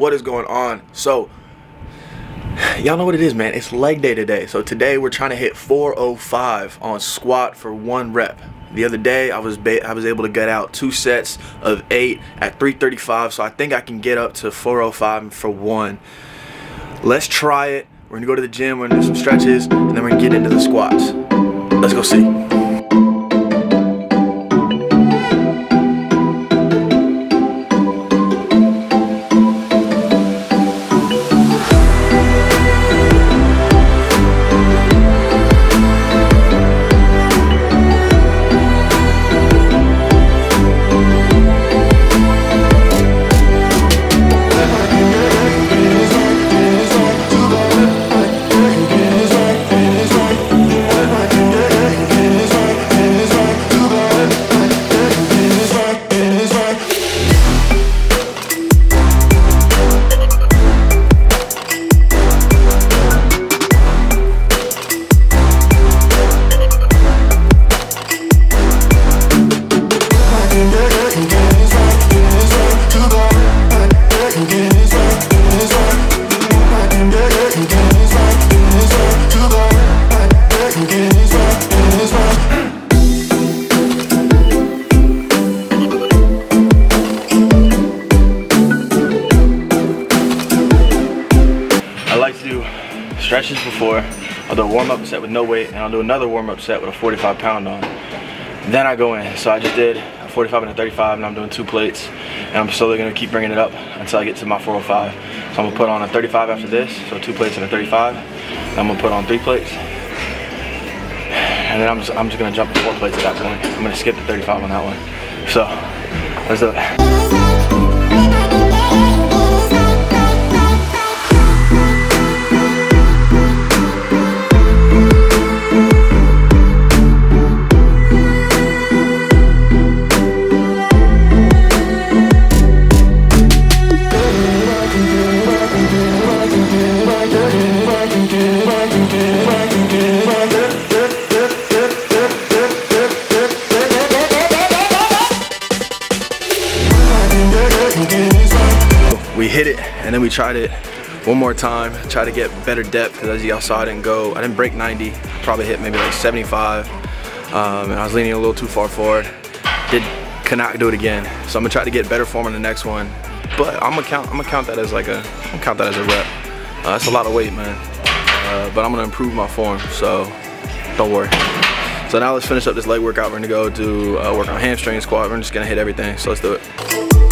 what is going on? So, y'all know what it is, man. It's leg day today. So today we're trying to hit 405 on squat for one rep. The other day I was I was able to get out two sets of eight at 335. So I think I can get up to 405 for one. Let's try it. We're gonna go to the gym, we're gonna do some stretches, and then we're gonna get into the squats. Let's go see. stretches before. I'll do a warm-up set with no weight, and I'll do another warm-up set with a 45 pound on. Then I go in. So I just did a 45 and a 35, and I'm doing two plates. And I'm slowly gonna keep bringing it up until I get to my 405. So I'm gonna put on a 35 after this, so two plates and a 35. And I'm gonna put on three plates. And then I'm just, I'm just gonna jump to four plates at that point. I'm gonna skip the 35 on that one. So, let's do it. We hit it and then we tried it one more time, try to get better depth because as y'all saw I didn't go, I didn't break 90, probably hit maybe like 75 um, and I was leaning a little too far forward. Did cannot do it again. So I'm gonna try to get better form in the next one. But I'm gonna count, I'm gonna count that as like a, I'm gonna count that as a rep. Uh, that's a lot of weight, man. Uh, but I'm gonna improve my form, so don't worry. So now let's finish up this leg workout. We're gonna go do uh, work on hamstring squat. We're just gonna hit everything, so let's do it.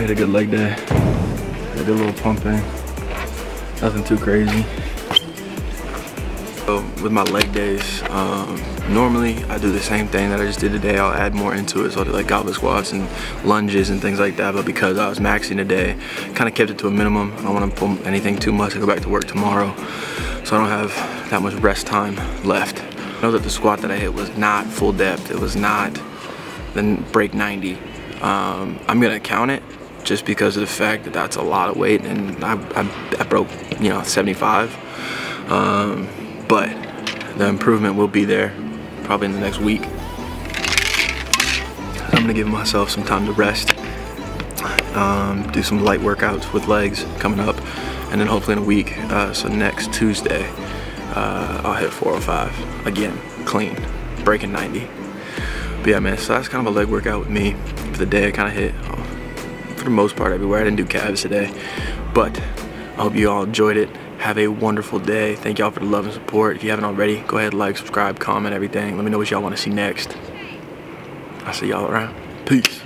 Had a good leg day. I did a little pumping. Nothing too crazy. So with my leg days, um, normally I do the same thing that I just did today. I'll add more into it. So I'll do like goblet squats and lunges and things like that. But because I was maxing today, kind of kept it to a minimum. I don't want to pull anything too much. I go back to work tomorrow. So I don't have that much rest time left. I know that the squat that I hit was not full depth. It was not the break 90. Um, I'm gonna count it just because of the fact that that's a lot of weight and I, I, I broke, you know, 75. Um, but the improvement will be there probably in the next week. I'm gonna give myself some time to rest, um, do some light workouts with legs coming up, and then hopefully in a week, uh, so next Tuesday, uh, I'll hit 405 again, clean, breaking 90. But yeah, man, so that's kind of a leg workout with me for the day I kind of hit for the most part everywhere. I didn't do calves today, but I hope you all enjoyed it. Have a wonderful day. Thank y'all for the love and support. If you haven't already, go ahead, like, subscribe, comment, everything. Let me know what y'all want to see next. I'll see y'all around. Peace.